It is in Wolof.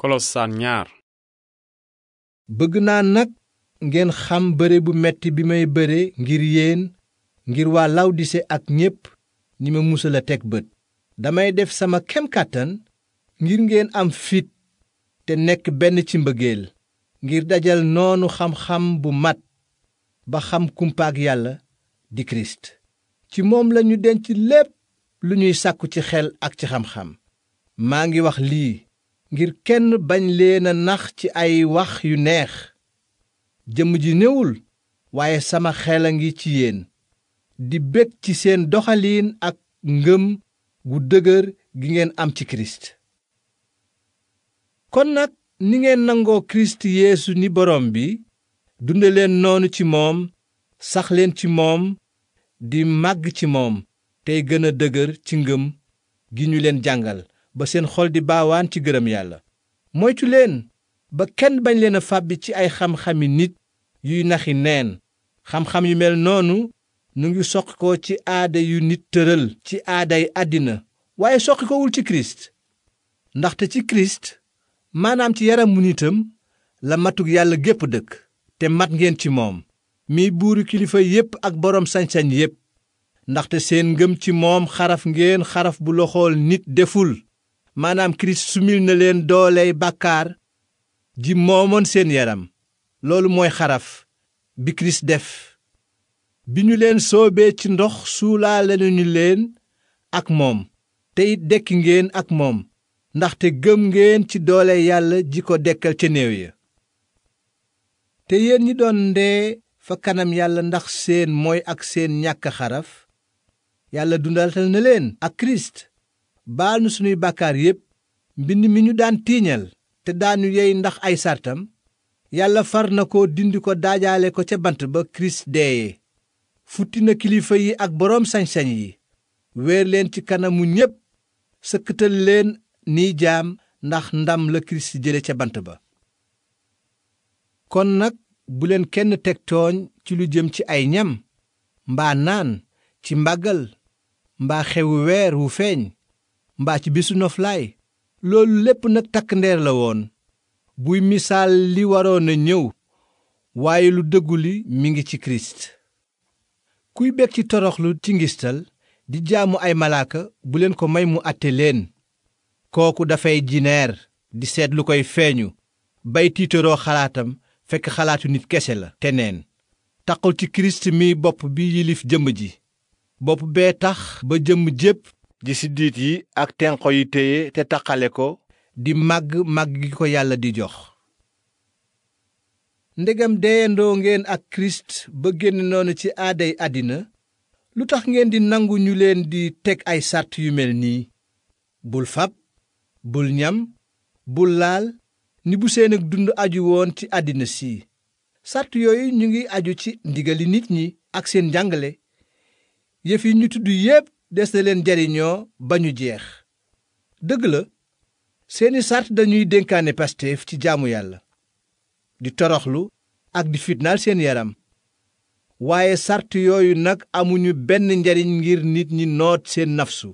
Kolosaan ñaar. bëgg naa nag ngeen xam bëre bu metti bi may bëre ngir yéen ngir waa Lawdise ak ñépp ni ma musal a teg bët damay def sama kem kàttan ngir ngeen am fit te nekk benn ci mbëggeel ngir dajal noonu xam-xam bu mat ba xam kumpaak yàlla di Kirist ci moom lañu denc lépp lu ñuy sàkku ci xel ak ci xam-xam maa ngi wax lii ngir kenn bañ leen a nax ci ay wax yu neex jëmm ji néwul waaye sama xel a ngi ci yéen di bég ci seen doxaliin ak ngëm gu dëgër gi ngeen am ci kirist kon nag ni ngeen nangoo kirist yeesu ni borom bi dunde leen noonu ci moom sax leen ci moom di màgg ci moom tey gëna dëgër ci ngëm gi ñu leen jàngal ba seen xol di baawaan ci gërëm yàlla moytu leen ba kenn bañ leen a fàbbi ci ay xam-xami nit yuy naxi neen xam-xam yu mel noonu nu ngi soqi ko ci aada yu nit tëral ci aaday àddina waaye soqi kowul ci kirist ndaxte ci kirist maanaam ci yaramu nitam la matug yàlla gépp dëkk te mat ngeen ci moom mi buuru kilifa yépp ak boroom sañ-sañ yépp ndaxte seen ngëm ci moom xaraf ngeen xaraf bu loxool nit deful maanaam kirist sumil na leen dooley bàkkaar ji moomoon seen yaram loolu mooy xaraf bi kirist def bi ñu leen soobee ci ndox suulaale nañu leen ak moom tey it dekki ngeen ak moom ndaxte gëm ngeen ci doole yàlla ji ko dekkal ca néew ya te yéen ñi doon ndee fa kanam yàlla ndax seen mooy ak seen ñàkk xaraf yàlla dundaltal na leen ak kirist baal nu sunuy bàkkaar yépp mbind mi ñu daan tiiñal te daanu yey ndax ay sartam yàlla far na ko dindi ko daajaale ko ca bant ba kirist deeye futti na kilifa yi ak boroom sañ yi weer ci kanamu ñépp sëkkatal leen ni jaam ndax ndam la kirist jële ca bant ba kon nag bu leen kenn teg tooñ ci lu jëm ci ay ñam mbaa naan ci mbagal mbaa xewu weer wu feeñ mbaa ci bisu noflaay loolu lépp nag takk ndeer la woon buy misaal li waroon a ñëw waaye lu dëggu li mi ngi ci kirist kuy bég ci toroxlu ci ngistal di jaamu ay malaaka bu leen ko may mu àtte leen kooku dafay jineer di seet lu koy feeñu bay tiitaroo xalaatam fekk xalaatu nit kese la te neen taqul ci kirist mi bopp bi yilif jëmm ji bopp bee tax ba jëmm jépp ji yi ak tenqo yi téye te taqale ko di màgg màgg gi ko yàlla di jox ndegam deyandoo ngeen ak kirist ba génn noonu ci aaday àddina lu tax ngeen di nangu ñu leen di teg ay sàrt yu mel nii bul fab bul ñam bul laal ni bu seen ak dund aju woon ci àddina si sàrt yooyu ñu ngi aju ci ndigali nit ñi ak seen njàngale yëf yi ñu tudd yépp des na leen njariñoo ba ñu jeex dëgg la seeni sart dañuy dénkaane Pastef ci jaamu yàlla di toroxlu ak di fitnaal seen yaram waaye sart yooyu nag amuñu benn njariñ ngir nit ñi noot seen nafsu